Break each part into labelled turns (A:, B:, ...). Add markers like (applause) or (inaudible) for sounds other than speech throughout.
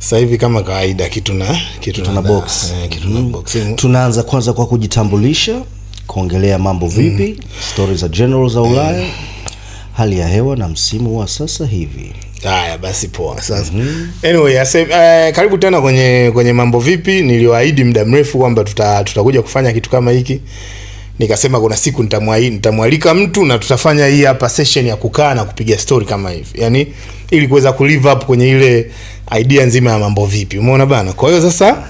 A: sasa hivi kama kawaida kitu na
B: kitu tuna box eh, kitu na mhm. box. Tunaanza kwanza kwa kujitambulisha, kuongelea mambo mm. vipi, mm. stori za general za eh. Ulaya mm. hali ya hewa na msimu wa sasa hivi.
A: Haya basi, poa. Sasa mm -hmm. anyway, ase, uh, karibu tena kwenye kwenye mambo vipi. Niliwaahidi muda mrefu kwamba tuta, tutakuja kufanya kitu kama hiki nikasema kuna siku nitamwalika mtu na tutafanya hii hapa session ya kukaa na kupiga story kama hivi, yani ili kuweza kulive up kwenye ile idea nzima ya mambo vipi, umeona bana. Kwa hiyo sasa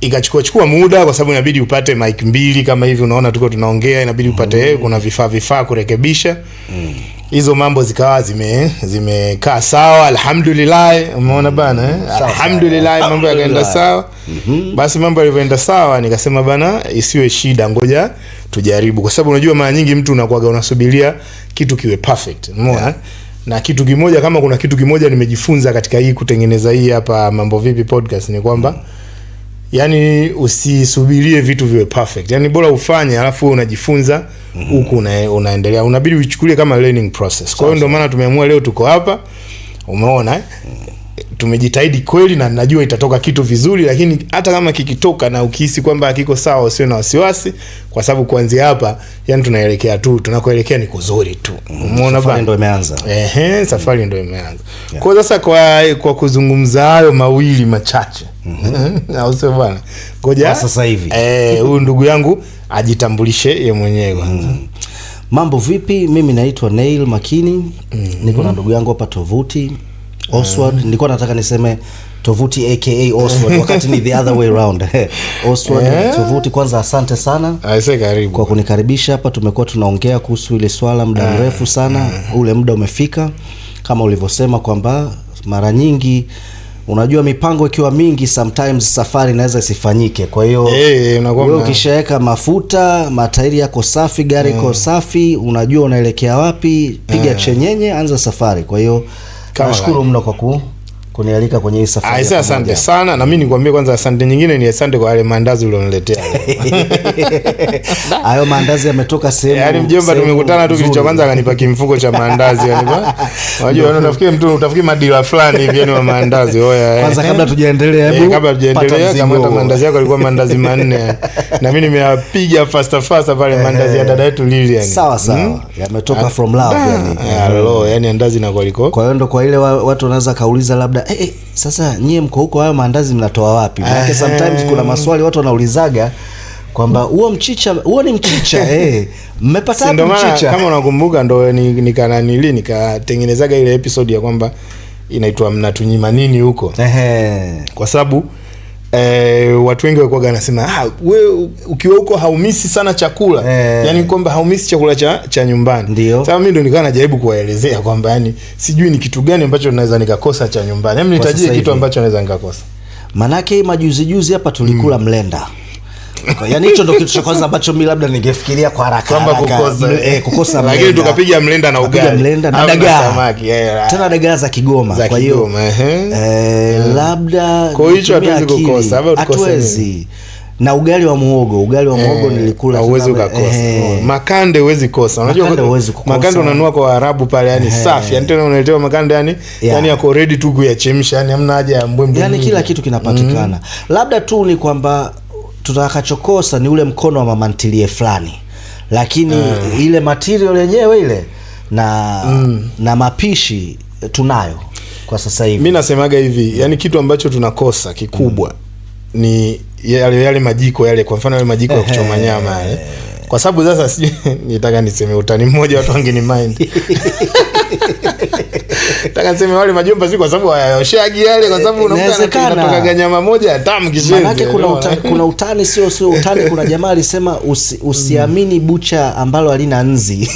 A: ikachukua chukua muda kwa sababu inabidi upate mic mbili kama hivi, unaona tuko tunaongea, inabidi upate mm. kuna vifaa vifaa kurekebisha mm. hizo mm. mambo zikawa zime zimekaa sawa, alhamdulillah, umeona mm. bana eh? Sawa, alhamdulillah, Mambo yakaenda sawa mm -hmm. Basi mambo yalivyoenda sawa, nikasema bana, isiwe shida, ngoja tujaribu, kwa sababu unajua mara nyingi mtu unakuwaga unasubiria kitu kiwe perfect, umeona yeah na kitu kimoja, kama kuna kitu kimoja nimejifunza katika hii kutengeneza hii hapa Mambo Vipi podcast ni kwamba yani usisubirie vitu viwe perfect, yani bora ufanye, alafu unajifunza mhm. huku una, unaendelea, unabidi uichukulie kama learning process. Kwa hiyo ndio maana tumeamua leo tuko hapa, umeona eh? Mhm tumejitahidi kweli, na najua itatoka kitu vizuri, lakini hata kama kikitoka na ukihisi kwamba hakiko sawa, usio na wasiwasi, kwa sababu kuanzia hapa, yani tunaelekea tu, tunakoelekea ni kuzuri tu. Mm,
B: Umeona bana, safari ndio imeanza.
A: Ehe, safari ndio imeanza. Kwa sasa, kwa kwa kuzungumza hayo mawili machache, mhm. (laughs) au sio bana? Ngoja sasa hivi eh, huyu ndugu yangu ajitambulishe yeye mwenyewe kwanza. Mm.
B: Mambo vipi? Mimi naitwa Nail Makini. mm -hmm. Niko na ndugu yangu hapa Tovuti Oswald mm. Nilikuwa nataka niseme tovuti aka Oswald (laughs) wakati ni the other way round (laughs) Oswald yeah. Tovuti kwanza, asante sana
A: Aise, ah, karibu
B: kwa kunikaribisha hapa. Tumekuwa tunaongea kuhusu ile swala muda ah, mrefu sana mm. Ule muda umefika kama ulivyosema kwamba mara nyingi unajua mipango ikiwa mingi sometimes safari inaweza isifanyike. Kwa hiyo hey, eh, eh, wewe ukishaweka mafuta, matairi yako safi, gari iko yeah. safi, unajua unaelekea wapi, piga yeah. chenyenye, anza safari. Kwa hiyo Nashukuru mno kwa ku kunialika kwenye hii safari.
A: Aisee, asante sana na mimi nikwambie kwanza asante nyingine ni asante kwa yale maandazi ulioniletea.
B: (laughs) (laughs) Hayo maandazi yametoka sehemu.
A: Yaani mjomba tumekutana tu kilicho kwanza akanipa kimfuko cha maandazi yani yanipa. (laughs) Unajua wewe unafikiri mtu utafikiri madila fulani hivi yani wa maandazi. Oya.
B: Eh. Kwanza kabla tujaendelea
A: eh, hebu. Kabla tujaendelea kama hata maandazi yako yalikuwa maandazi manne. Na mimi nimeyapiga fast fast pale maandazi ya eh. dada yetu Lilian.
B: Sawa sawa. Hmm? yametoka ah. from love yani,
A: ah, yani andazi na koliko.
B: Kwa hiyo ndo kwa ile watu wanaweza kauliza labda eh, eh, sasa nyie mko huko hayo maandazi mnatoa wapi? Ah, maana eh. sometimes kuna maswali watu wanaulizaga kwamba huo mchicha huo ni mchicha (laughs) eh, mmepata hapo mchicha.
A: Kama unakumbuka ndo nikananili ni nikatengenezaga ile episode ya kwamba inaitwa mnatunyima nini huko, ehe, kwa sababu Eh, watu wengi walikuwa wanasema ah, wewe ukiwa huko haumisi sana chakula eh. Yani kwamba haumisi chakula cha, cha nyumbani. Ndio sasa mimi ndo nikawa najaribu kuwaelezea kwamba yani sijui ni kitu gani ambacho naweza nikakosa cha nyumbani, hebu yaani nitajie kitu ambacho naweza nikakosa,
B: manake majuzi juzi hapa tulikula mm. mlenda yani hicho ndo kitu cha kwanza ambacho mimi labda ningefikiria kwa haraka
A: kwamba kukosa
B: eh, eh, kukosa
A: lakini tukapiga mlenda na ugali,
B: mlenda na dagaa,
A: samaki eh, eh.
B: tena dagaa za Kigoma. Kwa hiyo eh, labda
A: kwa hicho hatuwezi kukosa, hapo
B: hatuwezi na ugali wa muhogo, ugali wa muhogo eh, nilikula,
A: huwezi ukakosa eh. Makande huwezi kosa,
B: unajua makande huwezi
A: kukosa. Makande unanua kwa arabu pale, yani eh, safi, yani tena unaletewa makande yani yeah, yani yako ready tu kuyachemsha, yani hamna haja ya mbwembwe,
B: yani kila kitu kinapatikana. mm -hmm. Labda tu ni kwamba tutakachokosa ni ule mkono wa mamantilie fulani, lakini mm. ile material yenyewe ile na mm. na mapishi tunayo kwa sasa hivi.
A: mi nasemaga hivi, yani kitu ambacho tunakosa kikubwa mm. ni yale yale majiko yale, kwa mfano yale majiko ya kuchoma nyama eh. kwa sababu sasa (laughs) sijui nitaka niseme utani mmoja watu wangeni mind (laughs) nataka niseme wale si kwa sababu hayaoshagi yale, kwa sababu unakuta anatoka moja tamu
B: kishenzi. Maana kuna utani, kuna utani sio sio utani. Kuna jamaa alisema usi, usiamini bucha ambalo halina nzi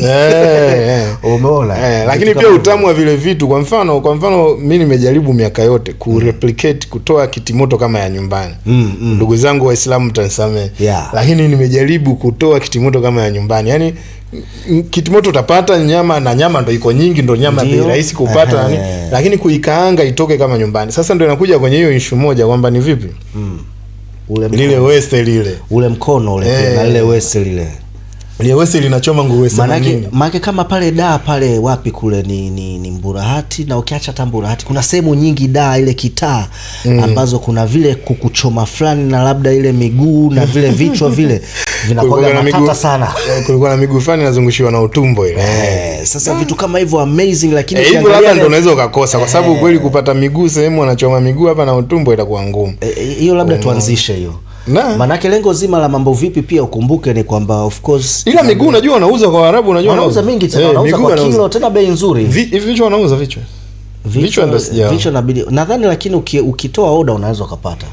B: umeona. (laughs)
A: Eh, eh. Eh, lakini pia utamu wa vile vitu, kwa mfano kwa mfano mimi nimejaribu miaka yote ku mm. replicate kutoa kitimoto kama ya nyumbani. Mm, mm. Ndugu zangu Waislamu mtanisamee, lakini nimejaribu kutoa kitimoto kama ya nyumbani yani kitimoto utapata nyama na nyama ndo iko nyingi, ndo nyama ni rahisi kupata nani, lakini kuikaanga itoke kama nyumbani. Sasa ndo inakuja kwenye hiyo ishu moja kwamba ni vipi mm. ule lile wese lile
B: ule mkono ule hey. na eh. lile weste lile
A: Liwesi linachoma nguruwe
B: themanini. Maana kama pale da pale wapi kule ni, ni, ni Mburahati na ukiacha hata Mburahati kuna sehemu nyingi da ile kitaa mm. ambazo kuna vile kukuchoma fulani na labda ile miguu na vile vichwa vile (laughs) vinakuwa matata sana. (laughs)
A: Eh, kulikuwa na miguu fulani inazungushiwa na utumbo
B: ile. Eh, sasa mm. vitu kama hivyo amazing lakini
A: eh, hivyo labda ndio unaweza ukakosa kwa sababu eh. kweli kupata miguu sehemu wanachoma miguu hapa na utumbo itakuwa ngumu.
B: Eh, hiyo eh, labda mm. tuanzishe hiyo na maanake lengo zima la mambo vipi pia ukumbuke ni kwamba of course,
A: ila miguu unajua wanauza kwa arabu unajua
B: wanauza mingi tena, eh, wanauza kwa kilo tena bei nzuri.
A: Vichwa wanauza vichwa vichwa
B: vichwa inabidi nadhani, lakini ukitoa oda unaweza ukapata.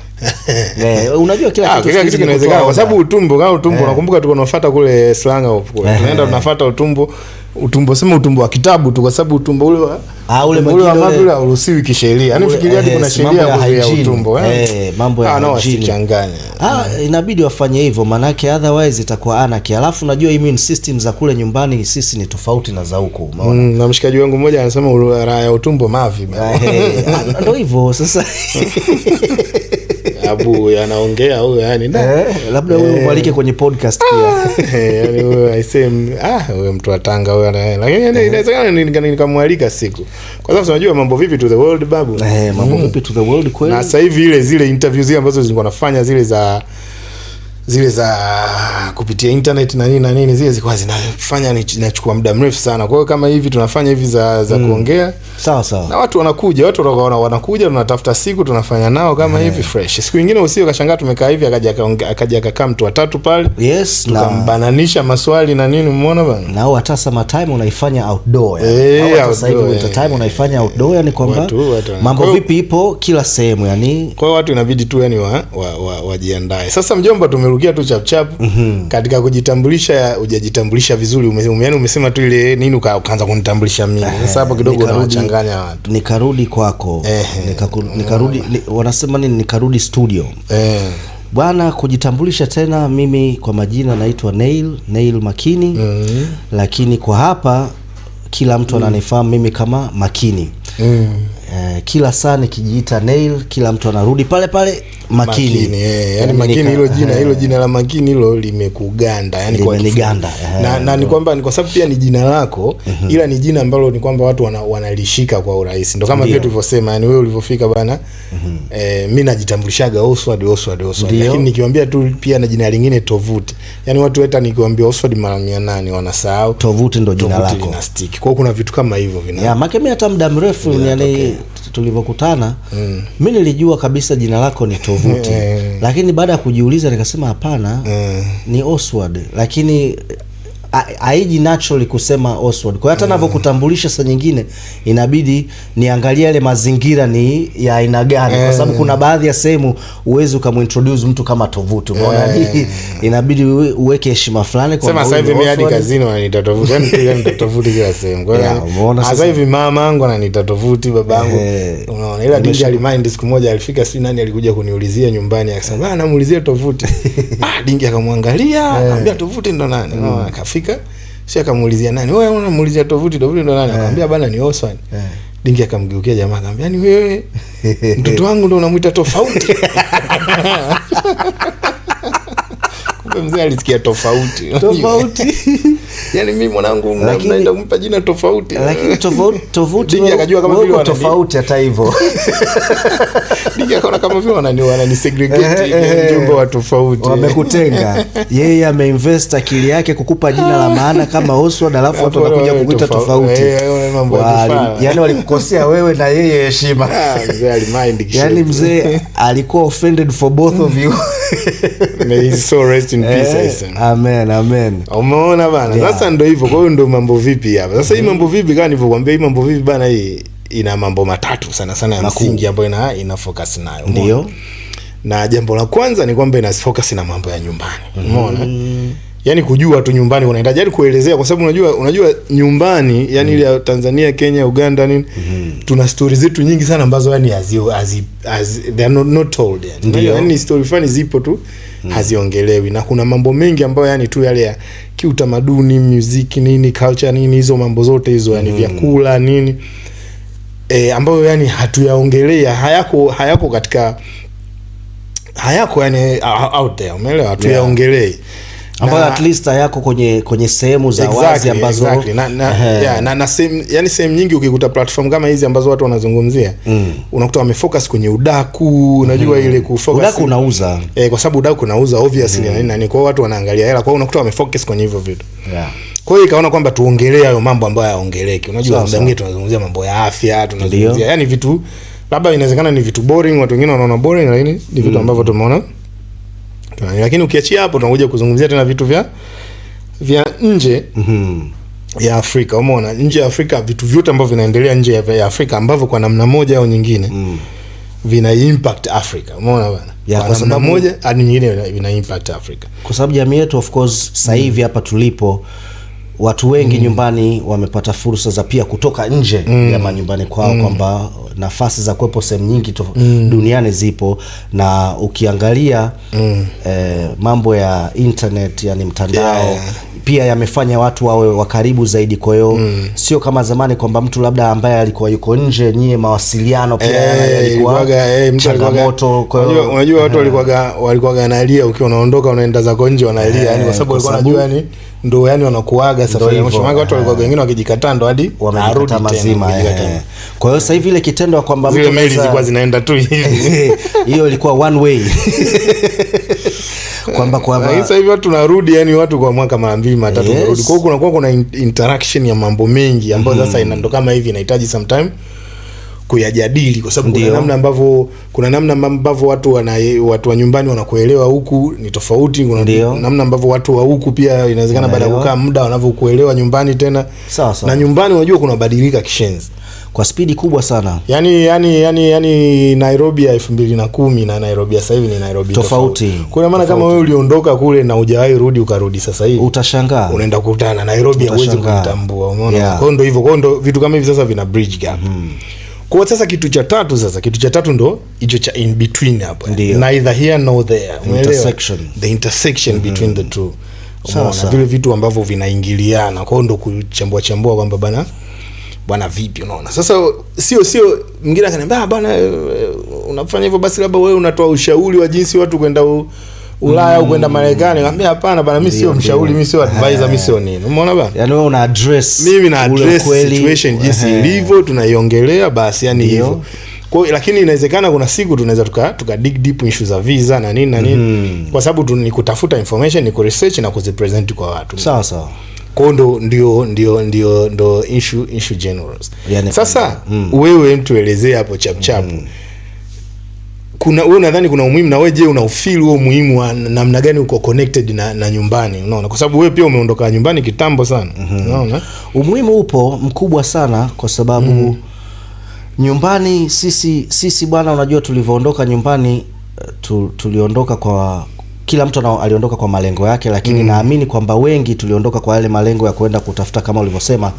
B: Yeah, (laughs) unajua kila
A: ah, kitu kila kitu kinawezekana, kwa sababu utumbo kama utumbo, eh. unakumbuka tuko tunafuata kule slanga huko, eh. tunaenda tunafuata utumbo utumbo sema utumbo wa kitabu tu, kwa sababu utumbo ule wa ah, ule ule wa mavi ule uruhusiwi kisheria. Yani fikiria hadi eh, kuna sheria
B: ya utumbo eh? eh, mambo ya ah, no, wasichanganye ah, inabidi wafanye hivyo, maana yake otherwise itakuwa anaki. Alafu najua immune system za kule nyumbani sisi ni tofauti na za huko,
A: umeona mm, na mshikaji wangu mmoja anasema raha ya utumbo mavi,
B: ah, ah, ndio hivyo sasa (laughs)
A: abu anaongea huyo yani
B: eh, labda wewe eh. umwalike kwenye podcast
A: pia ah, eh, yani ah mtu wa Tanga huyo lakini inawezekana nikamwalika siku kwa sababu unajua mambo vipi to the world babu
B: eh mambo mm. vipi to the world
A: kweli na sasa hivi ile zile interviews ambazo zilikuwa nafanya zile za zile za kupitia internet na nini na nini, zile zilikuwa zinafanya nachukua muda mrefu sana. Kwa hiyo kama hivi tunafanya hivi za, za mm. kuongea sawa sawa, na watu wanakuja, watu wanaona, wanakuja tunatafuta siku tunafanya nao kama yeah. hivi fresh. Siku nyingine usio kashangaa tumekaa hivi, akaja akaja akakaa mtu watatu pale, yes, tukambananisha na... maswali na nini, umeona bana.
B: Na au hata sama time unaifanya outdoor,
A: yani eh, hey, au sasa hivi winter
B: eh. time unaifanya outdoor, yani kwamba mambo vipi ipo kila sehemu, yani
A: kwa hiyo watu inabidi tu yani wa wajiandae wa, wa, wa, wa sasa mjomba tume umerukia tu chapchap mm -hmm. katika kujitambulisha ujajitambulisha vizuri ume, ume, yani umesema tu ile nini ukaanza kunitambulisha mimi sasa hapo kidogo unachanganya watu
B: nikarudi kwako eh, nikaku, nikarudi mm. ni, wanasema nini nikarudi studio eh. Bwana, kujitambulisha tena, mimi kwa majina naitwa Nail Nail Makini mm -hmm. lakini kwa hapa kila mtu mm. ananifahamu mm. -hmm. mimi kama Makini
A: mm. -hmm.
B: Eh, kila saa nikijiita Nail, kila mtu anarudi pale pale makini, makini
A: eh, yani yaani makini hilo jina eh. hilo jina la makini hilo limekuganda yani
B: kwa ni ganda
A: eh. na, na ni kwamba ni kwa sababu pia ni jina lako mm-hmm. ila ni jina ambalo ni kwamba watu wana, wanalishika kwa urahisi ndo kama vile tulivyosema yani wewe ulivyofika bana mm-hmm. eh, mimi najitambulishaga Oswald Oswald Oswald lakini nikiwaambia tu pia na jina lingine tovuti yani watu hata nikiwaambia Oswald mara 800 wanasahau
B: tovuti ndo jina tovuti lako
A: linastiki kwa kuna vitu kama hivyo
B: vina ya makemi hata muda mrefu yani tulivyokutana mm. mi nilijua kabisa jina lako ni Tovuti mm. (laughs) lakini baada ya kujiuliza nikasema hapana mm. ni oswad lakini haiji naturally kusema Oswald. Kwa hiyo hata anavyokutambulisha saa nyingine inabidi niangalie yale mazingira ni ya aina gani, kwa sababu eh. kuna baadhi ya sehemu uwezi ukamintroduce mtu kama tovuti, unaona hii eh. (laughs) inabidi uweke heshima fulani.
A: Kwa sema sasa hivi mimi hadi kazini wananiita tovuti, yani pia Tovuti kila sehemu. Kwa hiyo (laughs) sasa hivi mama yangu ananiita tovuti, baba yangu, eh. unaona. Ila DJ mind, siku moja alifika, si nani alikuja kuniulizia nyumbani, akasema bana, muulizie tovuti. (laughs) Ah, DJ akamwangalia, akamwambia tovuti ndo nani, mm. unaona, akafika aliandika, si akamuulizia nani, wewe unamuulizia tovuti, tovuti ndo nani? Eh. Akamwambia bana ni Oswan. Eh. Dingi akamgeukia jamaa akamwambia, ni wewe (laughs) mtoto wangu ndo unamuita tofauti? (laughs) mzee alisikia tofauti
B: tofauti
A: (laughs) yani mi mwanangu mnaenda kumpa jina tofauti
B: lakini tofauti (laughs) tofauti akajua kama vile wana tofauti hata hivyo
A: (laughs) digi akaona kama vile wanani wanani segregate jumbo wa tofauti
B: wamekutenga yeye ameinvest akili yake kukupa jina la maana kama Oswald alafu watu wanakuja kukuita tofauti
A: eh, eh,
B: yani walikukosea wewe na yeye heshima ah, yani mzee alikuwa offended for both of you
A: may he so rest in Eh,
B: amen,
A: Umeona bana, yeah. Sasa ndo hivyo. kwahiyo ndo mambo vipi hapa sasa. mm. Hii mambo vipi kaa nivyokwambia hii mambo vipi bana, hii ina mambo matatu sana sana ya msingi ambayo ina, ina focus nayo, ndio na jambo la kwanza ni kwamba ina na mambo ya nyumbani, mm. umeona mm. Yani kujua tu nyumbani unaendaje, yani kuelezea, kwa sababu unajua unajua nyumbani yani mm. ile ya Tanzania, Kenya, Uganda nini mm -hmm. tuna stori zetu nyingi sana ambazo yani hazi hazi they are not, not told yani, yani story fulani zipo tu mm. haziongelewi na kuna mambo mengi ambayo yani tu yale ya kiutamaduni, muziki nini, culture nini, hizo mambo zote hizo yani mm. vyakula nini e, ambayo yani hatuyaongelea, hayako hayako katika hayako yani out there, umeelewa? Hatuyaongelei yeah
B: ambayo at least hayako kwenye kwenye sehemu za exactly, wazi
A: ambazo exactly. na, na, uh-huh. yeah, na, na sehemu yani sehemu nyingi ukikuta platform kama hizi ambazo watu wanazungumzia mm. unakuta wamefocus kwenye udaku unajua mm. ile
B: kufocus udaku unauza
A: eh, kwa sababu udaku unauza obviously mm. na nini kwa watu wanaangalia hela kwa hiyo unakuta wamefocus kwenye hivyo vitu yeah kwa hiyo ikaona kwamba tuongelee hayo mambo ambayo hayaongeleki. Unajua, muda mwingine tunazungumzia mambo ya afya, tunazungumzia yani vitu labda inawezekana ni vitu boring, watu wengine wanaona boring, lakini ni vitu mm. ambavyo tumeona Eh, lakini ukiachia hapo, tunakuja kuzungumzia tena vitu vya vya nje mm-hmm ya Afrika. Umeona, nje ya Afrika vitu vyote ambavyo vinaendelea nje ya Afrika ambavyo kwa namna moja au nyingine mm. vina impact Africa. Umeona bwana, ya kwa moja nyingine vina impact
B: kwa sababu jamii yetu of course sasa hivi mm. hapa tulipo watu wengi mm. nyumbani wamepata fursa za pia kutoka nje mm. ya manyumbani kwao mm. kwamba nafasi za kuwepo sehemu nyingi to, mm. duniani zipo, na ukiangalia mm. eh, mambo ya internet, yani mtandao yeah. pia yamefanya watu wawe wakaribu zaidi. Kwa hiyo mm. sio kama zamani kwamba mtu labda ambaye alikuwa yuko nje, nyie mawasiliano
A: pia eh, yalikuwa hey, eh,
B: changamoto.
A: Kwa hiyo unajua watu eh. walikuwa walikuwa wanalia, ukiwa unaondoka unaenda zako nje, wanalia yani kwa sababu walikuwa wanajua yani ndo yani wanakuaga safari ya mwisho, maana watu walikuwa wengine wakijikataa ndo hadi
B: wanarudi mazima. Eh. Kwa hiyo sasa hivi ile kitendo kwamba
A: mtu meli zilikuwa zinaenda tu hivi, (laughs)
B: eh, hiyo ilikuwa one way (laughs) kwamba
A: kwamba sasa hivi watu narudi, yani watu kwa mwaka mara mbili mara tatu narudi. Kwa hiyo kuna kuna interaction ya mambo mengi ambayo sasa ndo kama hivi inahitaji sometime kuyajadili kwa sababu kuna namna ambavyo kuna namna ambavyo watu wana, watu wa nyumbani wanakuelewa huku ni tofauti. Kuna Ndiyo. namna ambavyo watu wa huku pia inawezekana baada ya kukaa muda wanavyokuelewa nyumbani tena sawa sawa. Na nyumbani unajua kunabadilika kishenzi
B: kwa spidi kubwa sana
A: yani, yani, yani, yani Nairobi ya elfu mbili na kumi na Nairobi ya sasa hivi ni Nairobi tofauti. Kuna maana kama wewe uliondoka kule na hujawahi rudi ukarudi sasa hivi
B: utashangaa,
A: unaenda kukutana na Nairobi, huwezi kumtambua. Umeona? yeah. Kwa hiyo ndio hivyo, kwa hiyo ndio vitu kama hivi sasa vina bridge gap mm -hmm. Kwa sasa kitu cha tatu sasa kitu cha tatu ndo hicho cha in between hapo. Neither here nor there.
B: Intersection.
A: The intersection mm -hmm. between the two. Umeona vile vitu ambavyo vinaingiliana. kwao ndo kuchambua chambua kwamba bana bwana vipi unaona? Sasa sio sio mwingine akaniambia ah, bana eh, unafanya hivyo basi labda wewe unatoa ushauri wa jinsi watu kwenda u, Ulaya au mm. kwenda Marekani, nikamwambia hapana bana, mimi sio mshauri, mimi sio eh. advisor, mimi sio nini. Umeona bana?
B: yani wewe una address.
A: Mimi na address situation jinsi eh. ilivyo, tunaiongelea basi yani hivyo. Kwa lakini inawezekana kuna siku tunaweza tuka, tuka dig deep issue za visa na nini na nini mm. Kwa sababu ni kutafuta information, ni kuresearch na kuzipresent kwa watu. Sawa sawa. Kwa ndo ndio ndio ndio ndo issue issue generals. Yani sasa mm. Wewe mtuelezee hapo chap chap mm kuna wewe unadhani kuna umuhimu na wewe je, feel huo umuhimu wa namna gani uko connected na, na nyumbani? Unaona, kwa sababu wewe pia umeondoka nyumbani kitambo sana.
B: mm-hmm. umuhimu upo mkubwa sana kwa sababu mm. nyumbani sisi sisi bwana, unajua tulivyoondoka nyumbani tu, tuliondoka kwa kila mtu aliondoka kwa malengo yake, lakini mm. naamini kwamba wengi tuliondoka kwa yale malengo ya kuenda kutafuta kama ulivyosema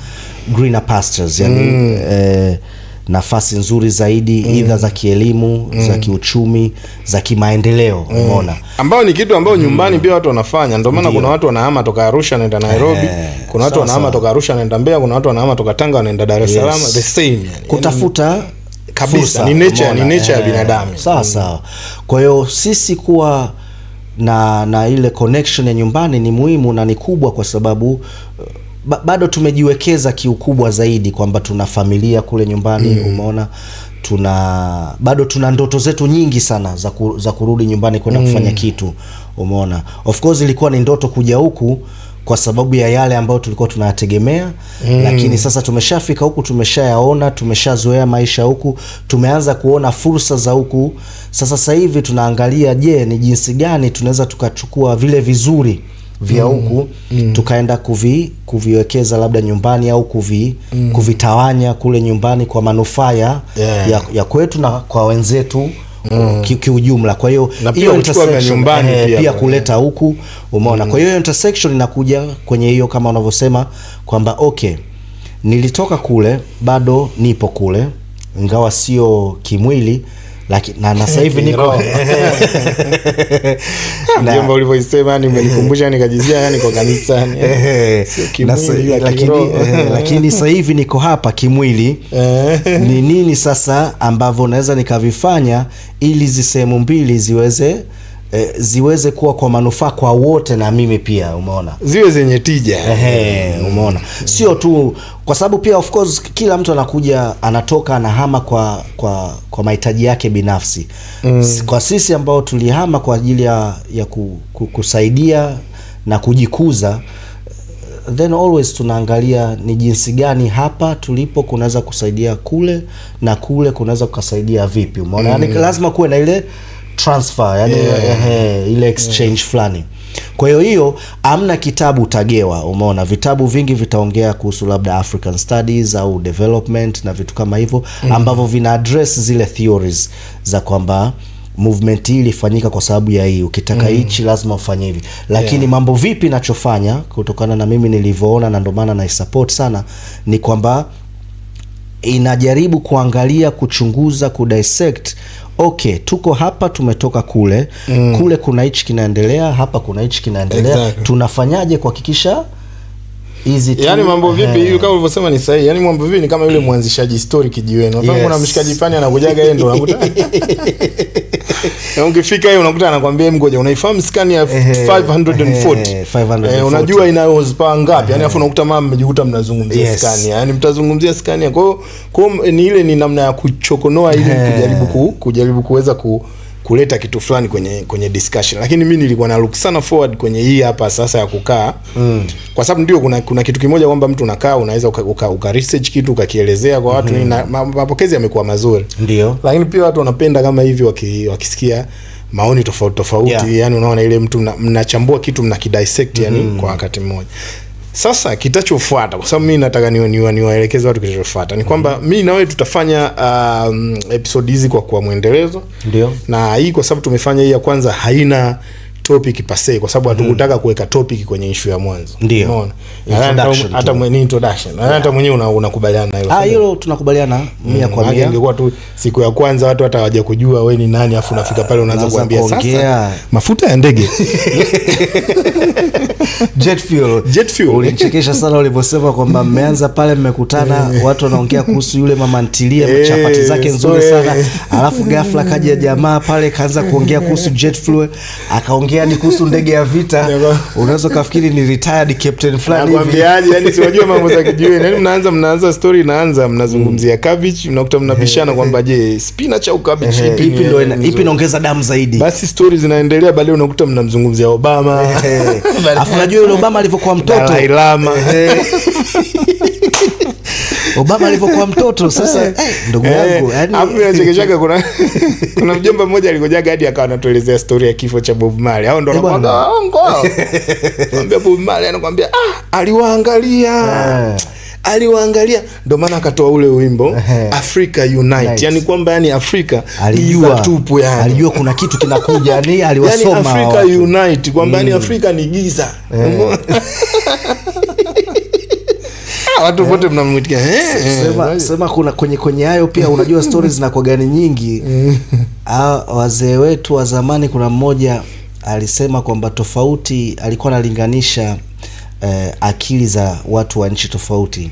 B: greener pastures, yani mm. eh, nafasi nzuri zaidi mm. Idha za kielimu mm. za kiuchumi za kimaendeleo mm.
A: ambayo ni kitu ambayo mm. nyumbani pia mm. watu wanafanya. Ndio maana kuna watu wanahama toka Arusha naenda Nairobi eh, kuna watu wanahama toka Arusha naenda Mbeya, kuna watu wanahama toka Tanga wanaenda Dar es Salaam yes. The same
B: kutafuta
A: kabisa, ni nature, ni nature ya eh, binadamu
B: sawa mm. sawa. Kwa hiyo sisi kuwa na na ile connection ya nyumbani ni muhimu na ni kubwa kwa sababu ba, bado tumejiwekeza kiukubwa zaidi kwamba tuna familia kule nyumbani mm. Umeona, tuna bado tuna ndoto zetu nyingi sana za, ku, za kurudi nyumbani kwenda mm. kufanya kitu. Umeona, of course ilikuwa ni ndoto kuja huku kwa sababu ya yale ambayo tulikuwa tunayategemea mm. Lakini sasa tumeshafika huku, tumeshayaona, tumeshazoea maisha huku, tumeanza kuona fursa za huku. Sasa sasa hivi tunaangalia, je, ni jinsi gani tunaweza tukachukua vile vizuri vya mm. huku mm, mm. tukaenda kuvi, kuviwekeza labda nyumbani au kuvi, mm. kuvitawanya kule nyumbani kwa manufaa yeah. ya, ya kwetu na kwa wenzetu uh, Mm. kiujumla ki kwa hiyo
A: hiyo intersection eh,
B: pia, pia kuleta huku umeona mm. kwa hiyo intersection inakuja kwenye hiyo kama unavyosema kwamba okay nilitoka kule bado nipo kule ingawa sio kimwili Laki, na sasa hivi (laughs) niko
A: (laughs) ulivyoisema yani nikajizia yani kwa kanisani
B: lakini, lakini niko hapa kimwili ni nini sasa ambavyo unaweza nikavifanya ili hizi sehemu mbili ziweze e, ziweze kuwa kwa manufaa kwa wote na mimi pia, umeona,
A: ziwe zenye tija.
B: Ehe, umeona, sio tu kwa sababu pia of course kila mtu anakuja anatoka anahama kwa kwa kwa mahitaji yake binafsi mm. Kwa sisi ambao tulihama kwa ajili ya, ya ku, ku, kusaidia na kujikuza then always tunaangalia ni jinsi gani hapa tulipo kunaweza kusaidia kule na kule kunaweza kukasaidia vipi, umeona yaani mm. Yani lazima kuwe na ile transfer yani, yeah. ehe, ile exchange yeah. flani kwa hiyo hiyo amna kitabu tagewa Umeona vitabu vingi vitaongea kuhusu labda African studies au development na vitu kama hivyo mm. ambavyo vina address zile theories za kwamba movement hii ilifanyika kwa sababu ya hii, ukitaka mm. hichi mm. lazima ufanye hivi, lakini yeah. mambo vipi nachofanya kutokana na mimi nilivyoona, na ndio maana naisupport sana, ni kwamba inajaribu kuangalia, kuchunguza, kudissect okay, tuko hapa tumetoka kule mm. kule kuna hichi kinaendelea, hapa kuna hichi kinaendelea exactly. tunafanyaje kuhakikisha
A: yani mambo vipi hivi kama ulivyosema ni sahihi. yani mambo vipi ni kama yule mwanzishaji story kijiweni. Unataka yes. kuna mshikaji fani anakujaga yeye ndo unakuta. (laughs) Na ungefika yeye unakuta anakwambia mgoja unaifahamu Scania ya 540. Eh, unajua ina hospa ngapi? Yaani afu unakuta mama amejikuta mnazungumzia yes. Scania. Yaani mtazungumzia Scania. Kwa hiyo ni ile ni namna ya kuchokonoa ili kujaribu ku, kujaribu kuweza ku kuleta kitu fulani kwenye kwenye discussion, lakini mimi nilikuwa na look sana forward kwenye hii hapa sasa ya kukaa mm. kwa sababu ndio kuna, kuna kitu kimoja kwamba mtu unakaa unaweza uka, uka, uka research kitu ukakielezea kwa watu mm -hmm. mapokezi yamekuwa mazuri ndio, lakini pia watu wanapenda kama hivi waki, wakisikia maoni tofauti tofauti yeah. Yani unaona ile mtu mnachambua mna kitu mnakidissect yani mm-hmm. kwa wakati mmoja sasa kitachofuata kwa sababu mi nataka niwaelekeze watu kitachofuata ni mm-hmm. kwamba mi na wewe tutafanya um, episodi hizi kwa kuwa mwendelezo na hii kwa sababu tumefanya hii ya kwanza haina topic pase, kwa sababu hmm. hatukutaka mm. kuweka topic kwenye issue ya mwanzo.
B: unaona,
A: hata mwenye introduction, na hata mwenyewe unakubaliana na
B: hilo. Ah, hilo tunakubaliana hmm. mia kwa
A: mia. Ingekuwa tu siku ya kwanza watu hata hawaja kujua wewe ni nani, afu unafika pale unaanza kuambia sasa
B: mafuta ya ndege (laughs) jet fuel, jet fuel. Ulichekesha sana ulivyosema kwamba mmeanza pale, mmekutana eh. watu wanaongea kuhusu yule mama ntilia hey, eh, chapati zake nzuri sana, alafu ghafla kaja jamaa pale kaanza kuongea kuhusu jet fuel akaongea unaongea ni kuhusu (laughs) ndege ya vita unaweza ukafikiri ni retired captain
A: fulani yani siwajua (laughs) mambo za kijueni yani mnaanza mnaanza story inaanza mnazungumzia mm. cabbage mnakuta mnabishana kwamba je spinach au cabbage
B: yaani, ipi ndo yaani, ipi inaongeza damu zaidi
A: basi story zinaendelea bali unakuta mnamzungumzia obama
B: (laughs) afu najua yule obama alivyokuwa mtoto
A: Dalai Lama
B: Obama alivyokuwa mtoto sasa. Eh. Eh, ndugu yangu eh,
A: yani nachekeshaga, (laughs) kuna (laughs) kuna mjomba mmoja alikojaga hadi akawa anatuelezea stori ya kifo cha Bob Marley, au ndo anambia (laughs) Bob Marley anakwambia ah, aliwaangalia aliwaangalia ndo maana akatoa ule wimbo Africa Unite, yani kwamba yani Afrika alijua tupu, yani
B: alijua kuna kitu kinakuja, yani
A: aliwasoma yani Africa Unite kwamba yani mm. Afrika ni giza watu eh. wote mnamwitia eh,
B: eh, sema, kuna kwenye kwenye hayo pia unajua stori zinakuwa gani nyingi. (laughs) Ah, wazee wetu wa zamani, kuna mmoja alisema kwamba tofauti, alikuwa analinganisha eh, akili za watu wa nchi tofauti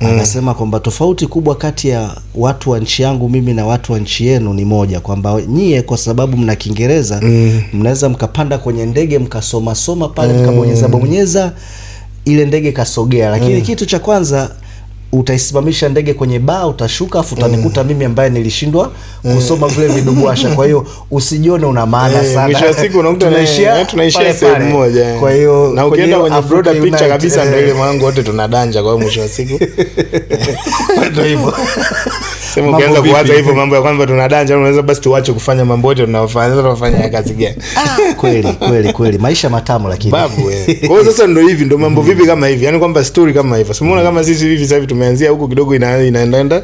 B: anasema kwamba tofauti kubwa kati ya watu wa nchi yangu mimi na watu wa nchi yenu ni moja, kwamba nyie kwa sababu mna Kiingereza mm. mnaweza mm. mkapanda kwenye ndege mkasomasoma pale mkabonyeza mm. bonyeza mm ile ndege ikasogea, lakini mm. kitu cha kwanza utaisimamisha ndege kwenye baa, utashuka afu utanikuta mm. mimi ambaye nilishindwa mm. kusoma vile vidubwasha. Kwa hiyo (laughs) usijione una maana eh, sana,
A: mwisho wa siku unakuta (laughs) tunaishia tunaishia sehemu moja. Kwa hiyo na ukienda kwenye broader picture kabisa, (laughs) ndio ile mwanangu, wote tunadanja. Kwa hiyo mwisho wa siku ndio hivyo. Sema ukianza kuwaza hivyo mambo ya kwamba tunadanja, unaweza basi tuache kufanya mambo yote tunayofanya. tunafanya kazi gani?
B: Ah. kweli kweli kweli, maisha matamu lakini
A: babu wewe. Kwa hiyo sasa ndio hivi ndio mambo vipi kama hivi, yani kwamba story kama hivyo. Sio unaona kama sisi hivi sasa hivi tumeanzia huko kidogo, ina inaenda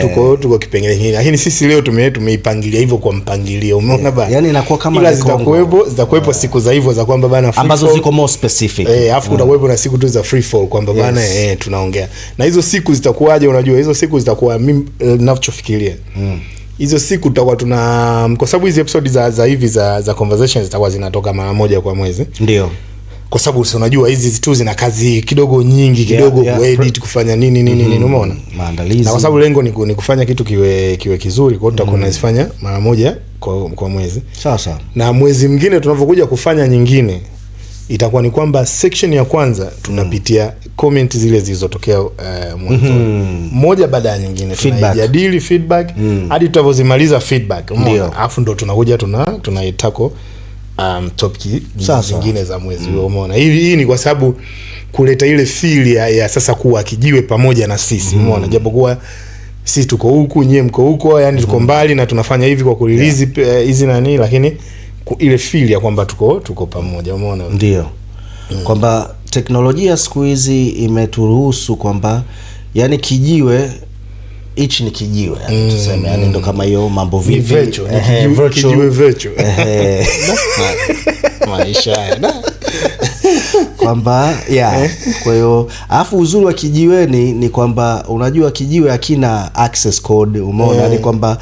A: tuko tuko kipengele kingine, lakini sisi leo tume tumeipangilia hivyo kwa mpangilio, umeona bana?
B: Yani inakuwa kama
A: ila zitakuwepo zitakuwepo siku za hivyo za kwamba bana,
B: ambazo ziko more specific
A: eh, afu mm. kutakuwepo na siku tu za free fall kwamba bana, eh tunaongea na hizo siku zitakuwaje? Unajua hizo siku zitakuwa hizo mm. siku tutakuwa tuna um, kwa sababu hizi episodi za za hivi za za conversations zitakuwa zinatoka mara moja kwa mwezi ndio kwa sababu si unajua hizi tu zina kazi kidogo nyingi kidogo yeah, yeah. kuedit kufanya nini nini mm-hmm. nini umeona maandalizi na kwa sababu lengo ni, ni kufanya kitu kiwe kiwe kizuri kwa hiyo tutakuwa mm. hmm nazifanya mara moja kwa, kwa mwezi sawa sawa na mwezi mwingine tunapokuja kufanya nyingine itakuwa ni kwamba section ya kwanza tunapitia comment zile zilizotokea uh,
B: mwanzo mm
A: -hmm. moja baada ya nyingine
B: tunajadili feedback mm. hadi mm
A: -hmm. tutavozimaliza feedback umeona, afu ndo tunakuja tuna tunaitako um, topic zingine za mwezi mm. Umeona, hii hii ni kwa sababu kuleta ile feel ya, ya sasa kuwa kijiwe pamoja na sisi mm. umeona mm. japokuwa sisi tuko huku nyie mko huko, yani mm -hmm. tuko mbali na tunafanya hivi kwa kurilizi eh, hizi yeah. uh, nani lakini ile fili ya kwamba tuko tuko pamoja, umeona
B: ndio mm. kwamba teknolojia siku hizi imeturuhusu kwamba yani kijiwe hichi ni kijiwe yani mm, tuseme yani ndo kama hiyo mambo vipi
A: kijiwe vecho
B: (laughs) maisha (laughs) kwamba yeah. Kwa hiyo alafu uzuri wa kijiweni ni kwamba unajua kijiwe hakina access code, umeona eh. ni kwamba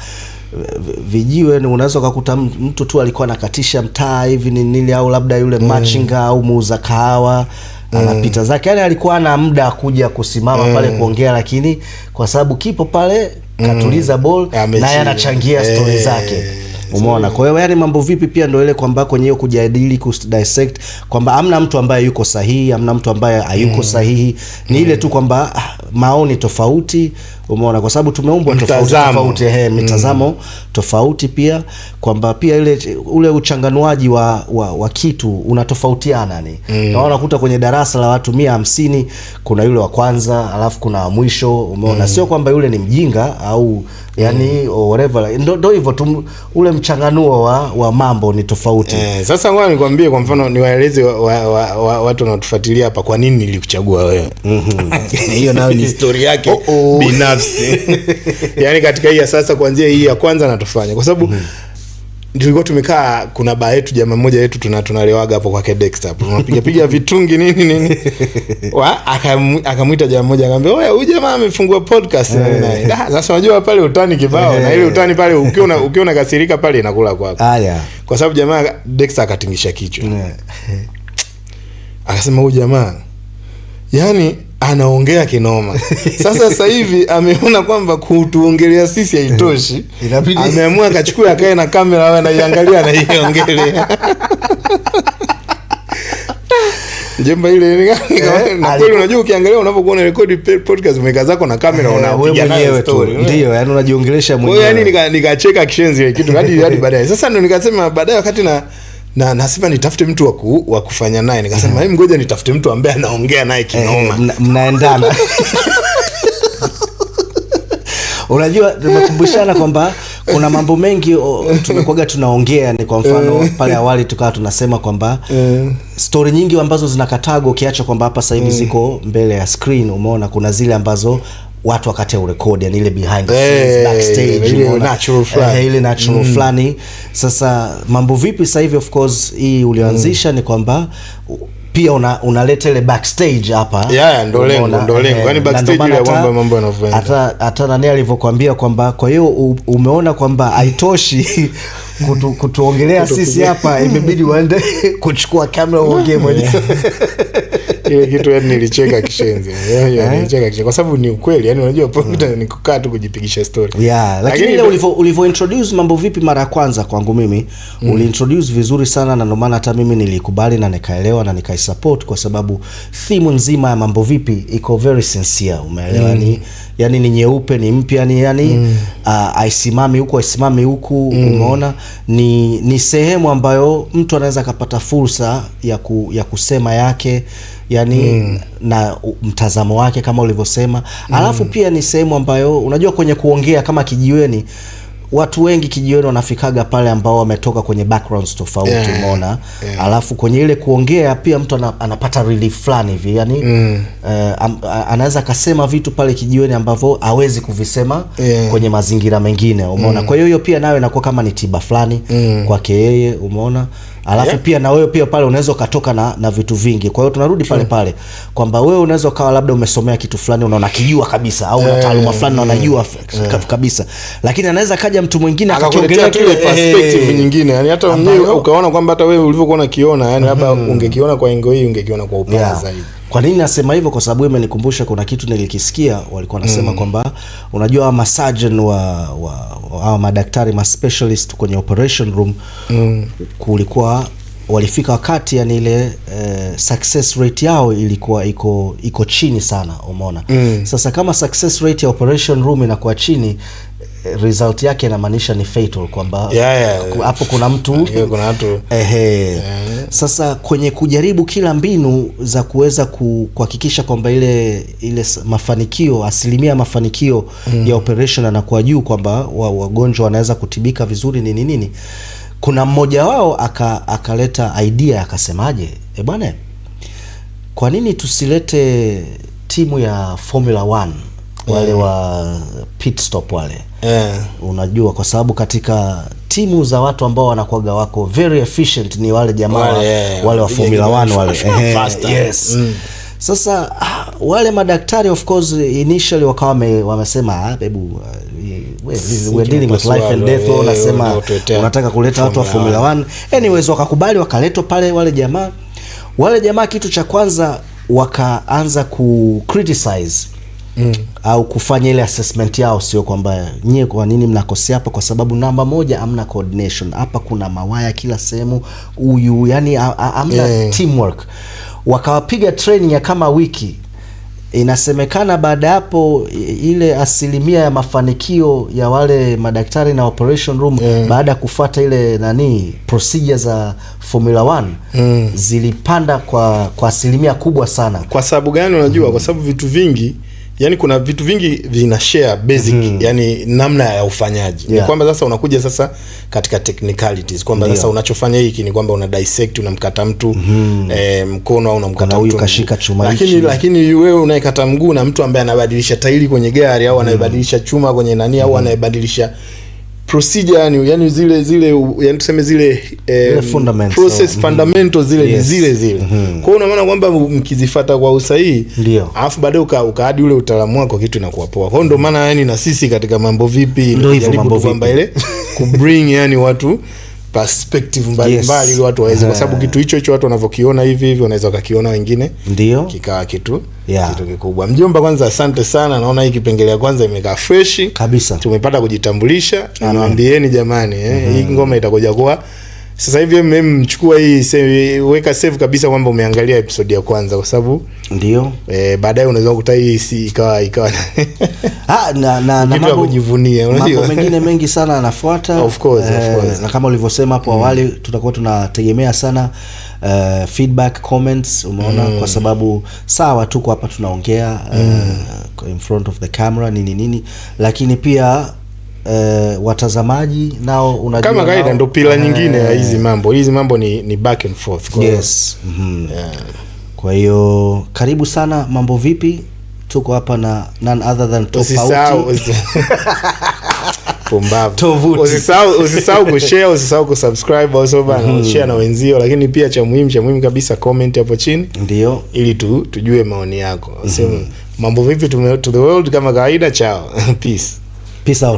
B: vijiwe, unaweza ukakuta mtu tu alikuwa anakatisha mtaa hivi ni nini, au labda yule mm. machinga au muuza kahawa mm. anapita mm. zake, yani alikuwa ana muda kuja kusimama mm. pale kuongea, lakini kwa sababu kipo pale katuliza mm. ball naye anachangia stori eh. zake. Umeona? Kwa hiyo yani mambo vipi pia ndio ile kwamba kwenye hiyo kujadili ku dissect kwamba amna mtu ambaye yuko sahihi, amna mtu ambaye hayuko mm. sahihi. Ni ile mm. tu kwamba ah, maoni tofauti, umeona? Kwa sababu tumeumbwa tofauti tofauti, ehe, mm. mitazamo mm. tofauti pia kwamba pia ile ule uchanganuaji wa, wa, wa kitu unatofautiana ni. mm. Na unakuta kwenye darasa la watu 150 kuna yule wa kwanza, alafu kuna wa mwisho, umeona? mm. Sio kwamba yule ni mjinga au yani mm. whatever. ndo hivyo tu ule mchanganuo wa, wa mambo ni tofauti
A: eh. Sasa ngoja nikwambie, kwa mfano niwaeleze wa, wa, wa, wa, watu wanaotufuatilia hapa kwa nini nilikuchagua wewe.
B: Mhm. (laughs) hiyo nayo ni story yake oh, oh. binafsi
A: (laughs) yani katika hii ya sasa kuanzia hii ya kwanza natufanya kwa sababu mm-hmm tulikuwa tumekaa kuna baa yetu jamaa mmoja yetu tuna tunalewaga hapo kwake Dexter hapo tunapigapiga (laughs) vitungi nini nini wa akamwita jamaa mmoja akamwambia oya huyu jamaa amefungua podcast hey. Eh. naye ah, sasa unajua pale utani kibao hey. na eh. ile utani pale ukiona ukiona kasirika pale inakula kwako ah, yeah. kwa sababu jamaa Dexter akatingisha kichwa yeah. akasema huyu jamaa yani anaongea kinoma. Sasa sasa hivi ameona kwamba kutuongelea sisi haitoshi, ameamua akachukua akae na kamera, awe anaiangalia anaiongelea jemba ile eh, na unajua ukiangalia unavokuona rekodi podcast mweka zako na kamera eh,
B: unapiga nayo story, ndio yani unajiongelesha
A: mwenyewe. Kwa hiyo yani nikacheka nika actions ile kitu hadi hadi baadaye. Sasa ndo nikasema baadaye wakati na na nasema nitafute mtu waku, wa kufanya naye nikasema mm. hebu ngoja nitafute mtu ambaye anaongea naye eh, kinoma
B: eh, mnaendana (laughs) unajua tumekumbushana kwamba kuna mambo mengi tumekuaga tunaongea ni kwa mfano eh. pale awali tukawa tunasema kwamba eh. stori nyingi ambazo zinakatagwa ukiacha kwamba hapa sahivi mm. ziko mbele ya screen umeona kuna zile ambazo watu wakati ya urekodi, yani ile behind
A: the scenes backstage, ile natural eh,
B: fulani, ile natural mm. flani. Sasa mambo vipi sasa hivi? Of course hii ulianzisha mm. ni kwamba pia una unaleta ile backstage hapa.
A: Yeah, ndo lengo, ndo lengo. Eh, yaani backstage ile kwamba mambo
B: yanavyoenda. Hata hata nani alivyokuambia kwamba kwa hiyo umeona kwamba haitoshi kutu, kutuongelea sisi hapa imebidi uende (laughs) kuchukua kamera uongee mwenyewe
A: (laughs) ile kitu yani nilicheka kishenzi (laughs) eh? nilicheka kishenzi kwa sababu ni ukweli yani unajua mm. pointa ni kukaa tu kujipigisha story
B: yeah, lakini ile ulivyo ulivyo introduce mambo vipi mara ya kwanza kwangu mimi mm. introduce vizuri sana na ndio maana hata mimi nilikubali na nikaelewa na nikai support kwa sababu theme nzima ya mambo vipi iko very sincere umeelewa mm. ni yaani yani ni nyeupe ni mpya ni yani mm. uh, ah, aisimami huku aisimami huku mm. Umeona, ni ni sehemu ambayo mtu anaweza akapata fursa ya, ku, ya kusema yake yani mm. na mtazamo wake kama ulivyosema mm. Alafu pia ni sehemu ambayo unajua kwenye kuongea kama kijiweni watu wengi kijiweni wanafikaga pale ambao wametoka kwenye backgrounds tofauti yeah, umeona yeah. Alafu kwenye ile kuongea pia mtu anapata relief fulani hivi yani mm. Uh, anaweza akasema vitu pale kijiweni ambavyo hawezi kuvisema yeah. Kwenye mazingira mengine umeona mm. Kwa hiyo hiyo pia nayo inakuwa kama ni tiba fulani mm. kwake yeye umeona alafu yeah. pia na wewe pia pale unaweza ukatoka na, na vitu vingi. Kwa hiyo tunarudi pale pale kwamba wewe unaweza ukawa labda umesomea kitu fulani unaona kijua kabisa au una eh. taaluma fulani na unajua eh. kabisa, lakini anaweza kaja mtu mwingine akakuletea kile eh. perspective nyingine, yani hata mwenyewe ukaona kwamba hata wewe ulivyokuwa unakiona, yani labda mm-hmm. ungekiona kwa engo hii ungekiona kwa upana zaidi. Kwa nini nasema hivyo? Kwa sababu imenikumbusha kuna kitu nilikisikia, walikuwa wanasema mm, kwamba unajua wa surgeon wa wa madaktari ma specialist kwenye operation room mm, kulikuwa walifika wakati yani ile eh, success rate yao ilikuwa iko iko chini sana, umeona mm. Sasa kama success rate ya operation room inakuwa chini, result yake inamaanisha ni fatal kwamba hapo yeah, yeah. kuna mtu (laughs) kuna mtu ehe yeah. Sasa kwenye kujaribu kila mbinu za kuweza kuhakikisha kwamba ile ile mafanikio asilimia mafanikio mm. ya operation anakuwa juu kwamba wagonjwa wanaweza kutibika vizuri nini nini, kuna mmoja wao aka, akaleta idea akasemaje, e bwana, kwa nini tusilete timu ya Formula 1 wale wa pit stop wale yeah. Unajua, kwa sababu katika timu za watu ambao wanakuwaga wako very efficient ni wale jamaa wale, yeah. wale wa Formula 1 wale (laughs) yes mm. Sasa ah, wale madaktari of course initially wakawa wamesema, hebu ah, uh, we're dealing with life and death, unasema eh, unataka kuleta watu wa Formula 1 anyways, wakakubali wakaletwa pale wale jamaa wale jamaa, kitu cha kwanza wakaanza ku criticize mm. au kufanya ile assessment yao, sio kwamba nyie kwa nini mnakosea hapa, kwa sababu namba moja amna coordination hapa, kuna mawaya kila sehemu, huyu yani amna yeah. teamwork. Wakawapiga training ya kama wiki inasemekana baada hapo ile asilimia ya mafanikio ya wale madaktari na operation room yeah. baada ya kufuata ile nani procedure za Formula 1 mm. Eh. zilipanda kwa kwa asilimia kubwa sana. Kwa sababu gani? Unajua mm. kwa sababu vitu vingi yani kuna vitu vingi vina share basic mm. yani namna ya ufanyaji yeah. ni kwamba sasa unakuja sasa katika technicalities kwamba yeah. sasa unachofanya hiki ni kwamba una dissect unamkata mtu mm. eh, mkono au unamkata mtu kashika chuma lakini, lakini wewe unayekata mguu na mtu ambaye anabadilisha tairi kwenye gari au mhm. anabadilisha chuma kwenye nani au mhm. anabadilisha procedure yani, yani zile zile yani tuseme zile eh, fundamental process mhm. fundamental zile yes. zile zile mm-hmm. kwa hiyo maana kwamba mkizifuata kwa usahihi ndio, alafu baadaye uka, ukaadi ule utaalamu wako kitu inakuwa poa. Kwa hiyo ndio maana yani na sisi katika mambo vipi ndio hivyo mambo vipi kwamba ile bring yani watu perspective mbalimbali yes. Watu waweze kwa sababu eh. kitu hicho hicho watu wanavyokiona hivi hivi wanaweza wakakiona wengine, ndio kikawa kitu yeah. kitu kikubwa. Mjomba, kwanza asante sana, naona hii kipengele ya kwanza imekaa fresh kabisa, tumepata kujitambulisha mm-hmm. na jamani eh, mm -hmm. hii mm-hmm. ngoma itakuja kuwa sasa hivi mimi mchukua hii save, weka save kabisa kwamba umeangalia episode ya kwanza kwa sababu ndio e, baadaye unaweza kukuta hii si ikawa ikawa (laughs) ah na na, na mambo kujivunia, unajua mambo mengine mengi sana yanafuata (laughs) of course, eh, of course. Na kama ulivyosema hapo mm. awali mm. tutakuwa tunategemea sana uh, feedback comments, umeona mm. kwa sababu sawa tuko hapa tunaongea mm. uh, in front of the camera nini nini, lakini pia Uh, watazamaji nao unajua kama kawaida ndo pila eh, nyingine ya hizi mambo hizi mambo ni, ni back and forth kwa yes. mm -hmm. yeah. kwa hiyo karibu sana mambo vipi tuko hapa na none other than tofauti usisahau (laughs) kushare usisahau kusubscribe also bana mm. -hmm. share na wenzio lakini pia cha muhimu cha muhimu kabisa comment hapo chini ndio ili tu, tujue maoni yako mm -hmm. sema mm-hmm. mambo vipi to the world kama kawaida chao (laughs) peace peace out